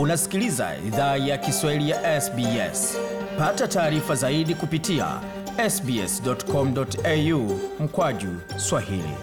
Unasikiliza idhaa ya Kiswahili ya SBS. Pata taarifa zaidi kupitia sbs.com.au mkwaju swahili.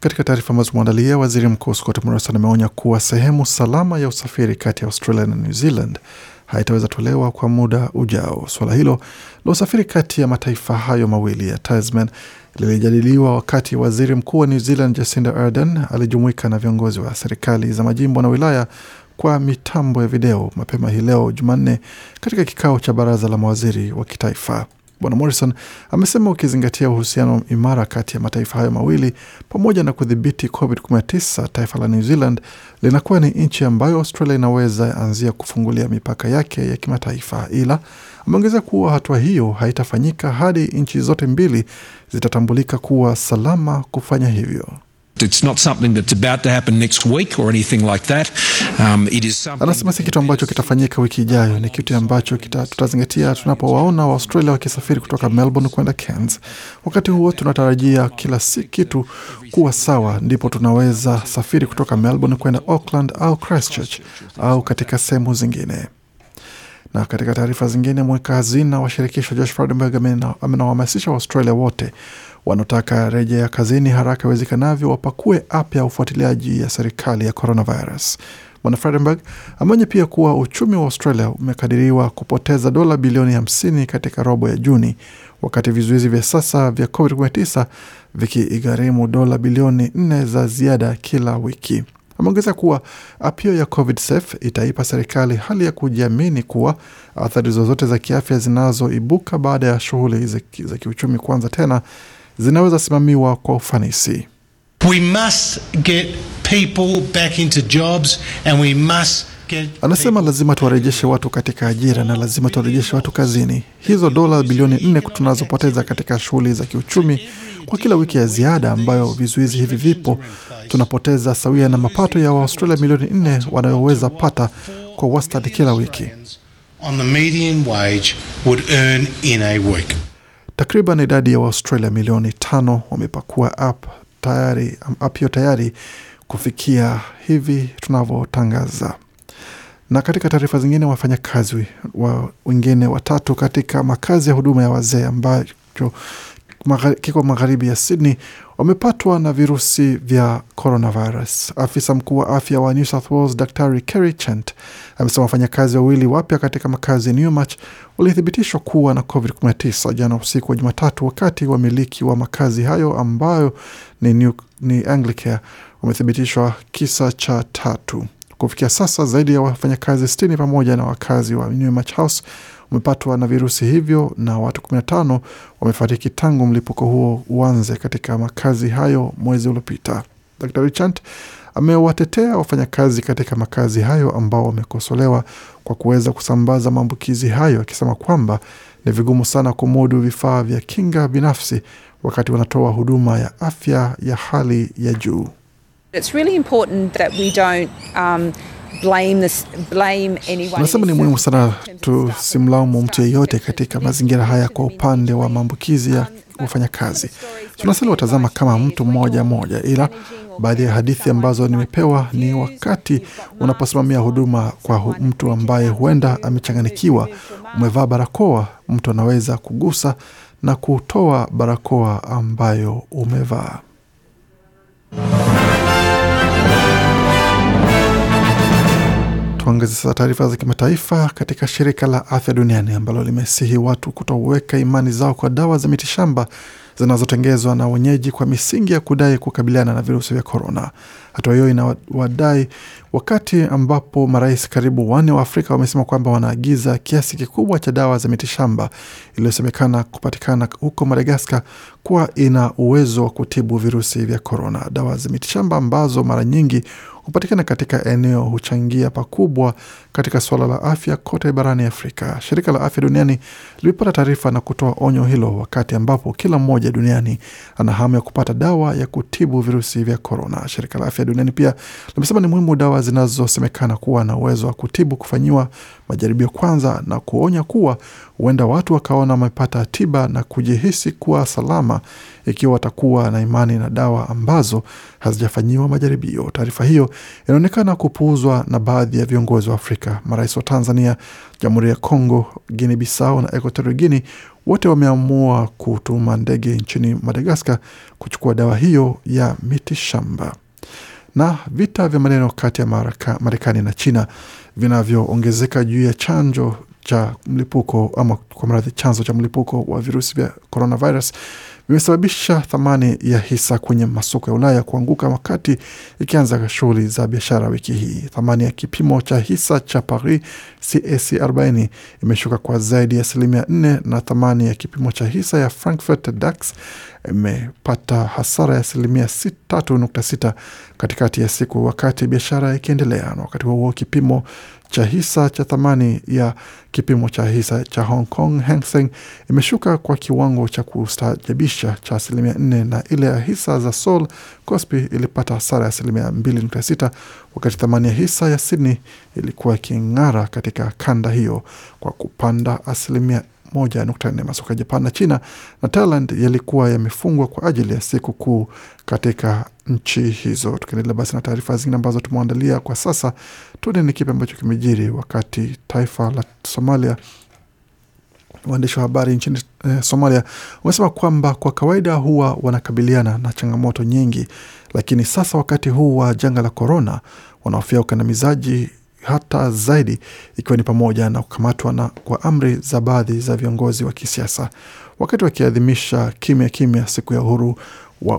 Katika taarifa ambazo umeandalia waziri mkuu Scott Morrison ameonya kuwa sehemu salama ya usafiri kati ya Australia na New Zealand haitaweza tolewa kwa muda ujao. Suala hilo la usafiri kati ya mataifa hayo mawili ya Tasman lilijadiliwa wakati waziri mkuu wa New Zealand Jacinda Ardern alijumuika na viongozi wa serikali za majimbo na wilaya kwa mitambo ya video mapema hii leo Jumanne katika kikao cha baraza la mawaziri wa kitaifa. Bwana Morrison amesema ukizingatia uhusiano imara kati ya mataifa hayo mawili pamoja na kudhibiti COVID-19, taifa la New Zealand linakuwa ni nchi ambayo Australia inaweza anzia kufungulia mipaka yake ya kimataifa, ila ameongeza kuwa hatua hiyo haitafanyika hadi nchi zote mbili zitatambulika kuwa salama kufanya hivyo. Anasema um, si kitu ambacho kitafanyika wiki ijayo, ni kitu ambacho kita, tutazingatia tunapowaona Waaustralia wakisafiri kutoka Melbourne kwenda Cairns. Wakati huo tunatarajia kila si kitu kuwa sawa, ndipo tunaweza safiri kutoka Melbourne kwenda Auckland au Christchurch au katika sehemu zingine. Na katika taarifa zingine, mweka hazina wa shirikisho Josh Frydenberg amenawahamasisha Waaustralia wote wanaotaka rejea kazini haraka iwezekanavyo wapakue app ya ufuatiliaji ya serikali ya coronavirus. Bwana Fredenberg ameonya pia kuwa uchumi wa Australia umekadiriwa kupoteza dola bilioni 50 katika robo ya Juni, wakati vizuizi vya sasa vya COVID-19 vikigharimu dola bilioni 4 za ziada kila wiki. Ameongeza kuwa app hiyo ya COVID Safe itaipa serikali hali ya kujiamini kuwa athari zozote za kiafya zinazoibuka baada ya shughuli za kiuchumi kuanza tena zinaweza simamiwa kwa ufanisi. We must get people back into jobs and we must Anasema lazima tuwarejeshe watu katika ajira na lazima tuwarejeshe watu kazini. Hizo dola bilioni nne tunazopoteza katika shughuli za kiuchumi kwa kila wiki ya ziada ambayo vizuizi hivi vipo, tunapoteza sawia na mapato ya Waaustralia milioni nne wanayoweza pata kwa wastani kila wiki. Takriban idadi ya Waustralia milioni tano wamepakua app tayari, app hiyo tayari kufikia hivi tunavyotangaza. Na katika taarifa zingine, wafanyakazi wa wengine watatu katika makazi ya huduma ya wazee ambacho kiko magharibi ya Sydney wamepatwa na virusi vya coronavirus. Afisa mkuu wa afya wa New South Wales Daktari Kerry Chant amesema wafanyakazi wawili wapya katika makazi ya Newmarch walithibitishwa kuwa na COVID-19 jana usiku wa Jumatatu, wakati wamiliki wa makazi hayo ambayo ni, New, ni Anglicare wamethibitishwa kisa cha tatu. Kufikia sasa zaidi ya wafanyakazi 60 pamoja na wakazi wa Newmarch House wamepatwa na virusi hivyo na watu 15 wamefariki tangu mlipuko huo uanze katika makazi hayo mwezi uliopita. Dr Richant amewatetea wafanyakazi katika makazi hayo ambao wamekosolewa kwa kuweza kusambaza maambukizi hayo, akisema kwamba ni vigumu sana kumudu vifaa vya kinga binafsi wakati wanatoa huduma ya afya ya hali ya juu. It's really important that we don't, um, Nasema ni muhimu sana tusimlaumu mtu yeyote katika mazingira haya kwa upande wa maambukizi ya wafanyakazi. Tunasali watazama kama mtu mmoja mmoja, ila baadhi ya hadithi ambazo nimepewa ni wakati unaposimamia huduma kwa hu, mtu ambaye huenda amechanganyikiwa, umevaa barakoa, mtu anaweza kugusa na kutoa barakoa ambayo umevaa. Tuangazia sasa taarifa za kimataifa katika shirika la afya duniani ambalo limesihi watu kutoweka imani zao kwa dawa za mitishamba zinazotengezwa na wenyeji kwa misingi ya kudai kukabiliana na virusi vya korona. Hatua hiyo inawadai wakati ambapo marais karibu wanne wa Afrika wamesema kwamba wanaagiza kiasi kikubwa cha dawa za mitishamba iliyosemekana kupatikana huko Madagaskar kuwa ina uwezo wa kutibu virusi vya korona. Dawa za mitishamba ambazo mara nyingi hupatikana katika eneo huchangia pakubwa katika suala la afya kote barani Afrika. Shirika la Afya Duniani limepata taarifa na kutoa onyo hilo wakati ambapo kila mmoja duniani ana hamu ya kupata dawa ya kutibu virusi vya korona. Shirika la Afya Duniani pia limesema ni muhimu dawa zinazosemekana kuwa na uwezo wa kutibu kufanyiwa majaribio kwanza, na kuonya kuwa huenda watu wakaona wamepata tiba na kujihisi kuwa salama ikiwa watakuwa na imani na dawa ambazo hazijafanyiwa majaribio. Taarifa hiyo inaonekana kupuuzwa na baadhi ya viongozi wa Afrika. Marais wa Tanzania, Jamhuri ya Kongo, Guinea Bissau na Equatorial Guinea wote wameamua kutuma ndege nchini Madagaskar kuchukua dawa hiyo ya miti shamba. Na vita vya maneno kati ya Marekani na China vinavyoongezeka juu ya chanjo cha mlipuko ama kwa mradhi, chanzo cha mlipuko wa virusi vya coronavirus vimesababisha thamani ya hisa kwenye masoko ya Ulaya kuanguka wakati ikianza shughuli za biashara wiki hii. Thamani ya kipimo cha hisa cha Paris CAC 40 imeshuka kwa zaidi ya asilimia 4 na thamani ya kipimo cha hisa ya Frankfurt DAX imepata hasara ya asilimia 3.6 katikati ya siku, wakati biashara ikiendelea. na Wakati huo huo, kipimo cha hisa cha thamani ya kipimo cha hisa cha Hong Kong Hang Seng imeshuka kwa kiwango cha kustajabisha cha asilimia nne na ile ya hisa za Seoul Kospi ilipata hasara ya asilimia mbili nukta sita wakati thamani ya hisa ya Sydney ilikuwa iking'ara katika kanda hiyo kwa kupanda asilimia 1.4. Masoko ya Japan na China na Thailand yalikuwa yamefungwa kwa ajili ya siku kuu katika nchi hizo. Tukiendelea basi na taarifa zingine ambazo tumeandalia kwa sasa, tuone ni kipi ambacho kimejiri wakati taifa la Somalia waandishi wa habari nchini eh, Somalia wamesema kwamba kwa kawaida huwa wanakabiliana na changamoto nyingi, lakini sasa wakati huu wa janga la korona, wanahofia ukandamizaji hata zaidi, ikiwa ni pamoja na kukamatwa na kwa amri za baadhi za viongozi wa kisiasa. Wakati wakiadhimisha kimya kimya siku ya uhuru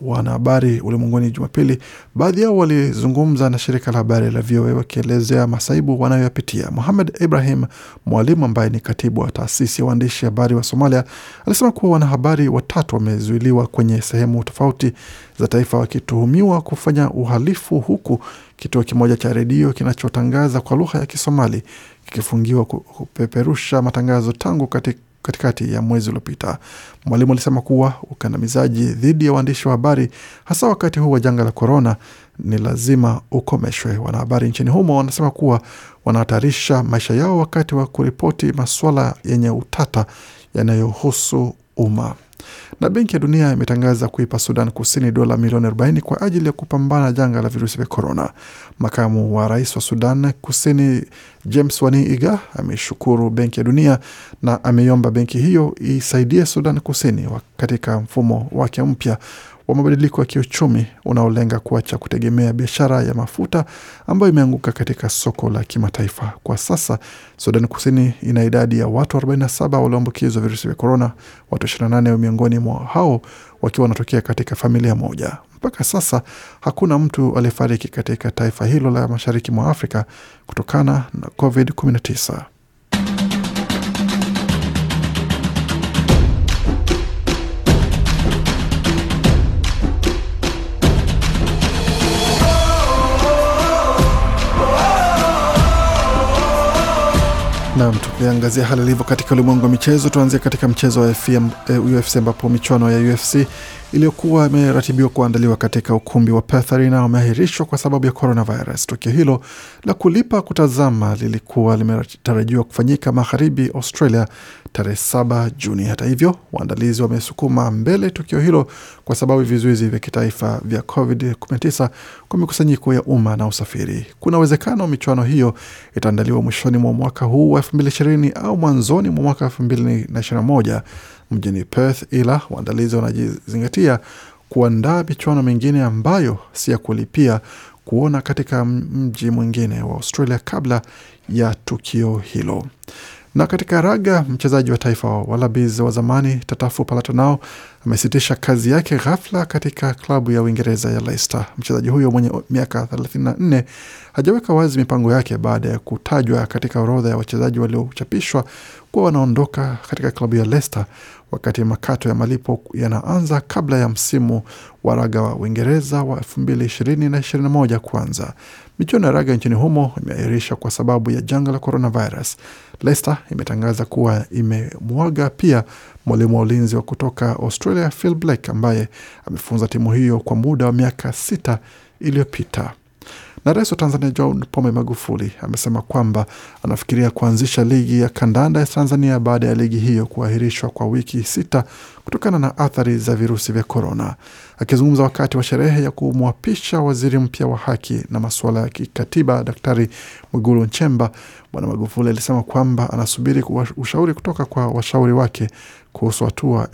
wanahabari ulimwenguni Jumapili. Baadhi yao walizungumza na shirika la habari la VOA wakielezea masaibu wanayoyapitia. Muhamed Ibrahim, mwalimu ambaye ni katibu wa taasisi ya waandishi habari wa Somalia, alisema kuwa wanahabari watatu wamezuiliwa kwenye sehemu tofauti za taifa wakituhumiwa kufanya uhalifu, huku kituo kimoja cha redio kinachotangaza kwa lugha ya Kisomali kikifungiwa kupeperusha matangazo tangu katika katikati ya mwezi uliopita. Mwalimu alisema kuwa ukandamizaji dhidi ya waandishi wa habari, hasa wakati huu wa janga la korona, ni lazima ukomeshwe. Wanahabari nchini humo wanasema kuwa wanahatarisha maisha yao wakati wa kuripoti masuala yenye utata yanayohusu umma. Na Benki ya Dunia imetangaza kuipa Sudan Kusini dola milioni 40 kwa ajili ya kupambana janga la virusi vya korona. Makamu wa rais wa Sudan Kusini James Wani Iga ameshukuru Benki ya Dunia na ameiomba benki hiyo isaidie Sudan Kusini katika mfumo wake mpya wa mabadiliko ya kiuchumi unaolenga kuacha kutegemea biashara ya mafuta ambayo imeanguka katika soko la kimataifa. Kwa sasa, Sudan Kusini ina idadi ya watu 47 walioambukizwa virusi vya korona, watu 28 miongoni mwa hao wakiwa wanatokea katika familia moja. Mpaka sasa hakuna mtu aliyefariki katika taifa hilo la mashariki mwa Afrika kutokana na COVID-19. liangazia hali ilivyo katika ulimwengu wa michezo. Tuanzie katika mchezo wa eh, UFC ambapo michuano ya UFC iliyokuwa imeratibiwa kuandaliwa katika ukumbi wa Perth Arena wameahirishwa kwa sababu ya coronavirus. Tukio hilo la kulipa kutazama lilikuwa limetarajiwa kufanyika magharibi Australia tarehe 7 Juni. Hata hivyo, waandalizi wamesukuma mbele tukio hilo kwa sababu vizuizi vya kitaifa vya COVID-19 kwa mikusanyiko ya umma na usafiri. Kuna uwezekano michuano hiyo itaandaliwa mwishoni mwa mwaka huu wa 2020 au mwanzoni mwa mwaka 2021 mjini Perth, ila waandalizi wanajizingatia kuandaa michuano mingine ambayo si ya kulipia kuona katika mji mwingine wa Australia kabla ya tukio hilo. Na katika raga, mchezaji wa taifa wa Wallabies wa zamani Tatafu Palatonao amesitisha kazi yake ghafla katika klabu ya Uingereza ya Leicester. Mchezaji huyo mwenye miaka 34 hajaweka wazi mipango yake baada ya kutajwa katika orodha ya wachezaji waliochapishwa kuwa wanaondoka katika klabu ya Leicester wakati makato ya malipo yanaanza kabla ya msimu wa raga wa Uingereza wa 2020 na 2021 kuanza. Michuano ya raga nchini humo imeahirishwa kwa sababu ya janga la coronavirus. Leicester imetangaza kuwa imemwaga pia mwalimu wa ulinzi wa kutoka Australia Phil Blake ambaye amefunza timu hiyo kwa muda wa miaka sita iliyopita. Na rais wa Tanzania John Pombe Magufuli amesema kwamba anafikiria kuanzisha ligi ya kandanda ya Tanzania baada ya ligi hiyo kuahirishwa kwa wiki sita kutokana na athari za virusi vya korona. Akizungumza wakati wa sherehe ya kumwapisha waziri mpya wa haki na masuala ya kikatiba Daktari Mwigulu Nchemba, Bwana Magufuli alisema kwamba anasubiri ushauri kutoka kwa washauri wake kuhusu hatua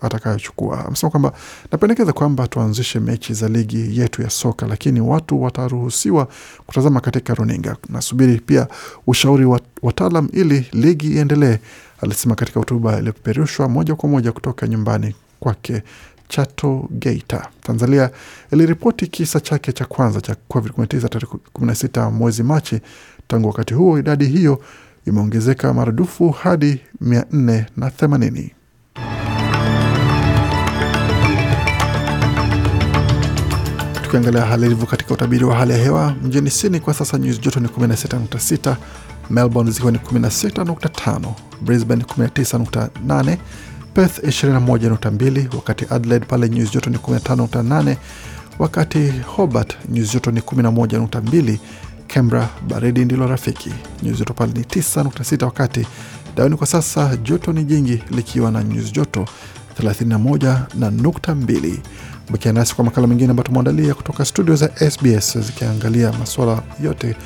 atakayochukua. Amesema kwamba napendekeza kwamba tuanzishe mechi za ligi yetu ya soka, lakini watu wataruhusiwa kutazama katika runinga. Nasubiri pia ushauri wa wataalam ili ligi iendelee, alisema katika hotuba iliyopeperushwa moja kwa moja kutoka nyumbani kwake Chato, Geita. Tanzania iliripoti kisa chake cha kwanza cha COVID-19 tarehe 16 mwezi Machi. Tangu wakati huo idadi hiyo imeongezeka maradufu hadi 480. Tukiangalia hali ilivyo katika utabiri wa hali ya hewa mjini Sydney kwa sasa nyuzi joto ni 16.6, Melbourne zikiwa ni 16.5, Brisbane 19.8 Perth 21.2, wakati Adelaide pale nyuzi joto ni 15.8, wakati Hobart nyuzi joto ni 11.2. Canberra baridi ndilo rafiki, nyuzi joto pale ni 9.6, wakati Darwin kwa sasa joto ni jingi likiwa na nyuzi joto 31.2 Bakia nasi kwa makala mengine ambayo tumeandalia kutoka studio za SBS zikiangalia masuala yote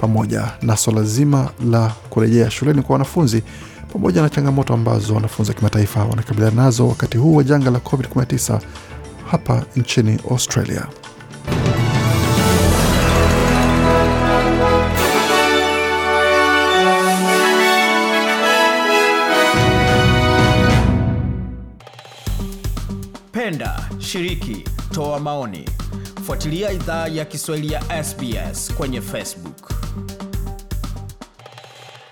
pamoja na swala zima la kurejea shuleni kwa wanafunzi pamoja na changamoto ambazo wanafunzi wa kimataifa wanakabiliana nazo wakati huu wa janga la COVID-19 hapa nchini Australia. Penda, shiriki, toa maoni. Fuatilia idhaa ya Kiswahili ya SBS kwenye Facebook.